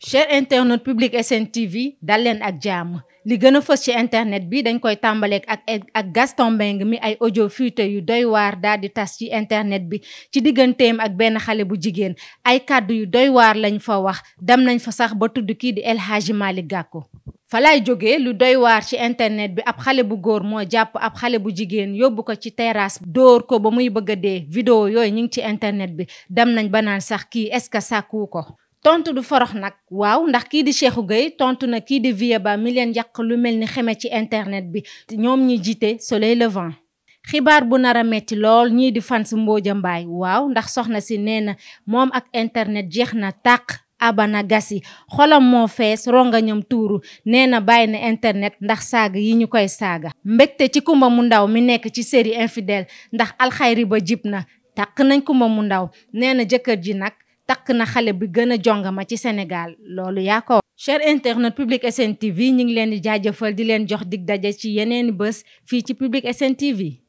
cher internet public SN dal leen ak jaam li gëna a fës ci internet bi dañ koy tambaleek ak ak Gaston Mbengue mi ay audio fuité yu doy waar daal di tas ci internet bi ci digganteem ak benn xale bu jigéen ay kàddu yu doy waar lañ fa wax dem nañ fa sax ba tudd kii di El Hadji Malick fa lay jógee lu doy waar ci internet bi ab xale bu góor moo jàpp ab xale bu jigéen yóbbu ko ci terrasse dóor ko ba muy bëgg a dee vidéo yooyu ñu ngi ci internet bi dem nañ ba naan sax kii est-ce que sàkku ko tontu du forox nag waaw ndax kii di Cheikhou Gueye tontu na kii di Vieux Ba mi leen yàq lu mel ni xeme ci internet bi ñoom ñi jiite Soleil Levant xibaar bu nar a metti lool ñii di fans Mbodia Mbaye waaw ndax soxna si nee na moom ak internet jeex na tàq Abana gasi xolam moo fees rongañam tuuru nee na bàyyi na internet ndax saaga yi ñu koy saaga mbégte ci Kumba mu ndaw mi nekk ci série infidel ndax alxayri ba jib na takk nañ Kumba mu ndaw nee na jëkkër ji nag takk na xale bi gëna jongama ci Sénégal loolu yaa ko cher internet Public SN TV ñu ngi leen di jaajëfal di leen jox dig daje ci yeneeni bés fii ci Public SN TV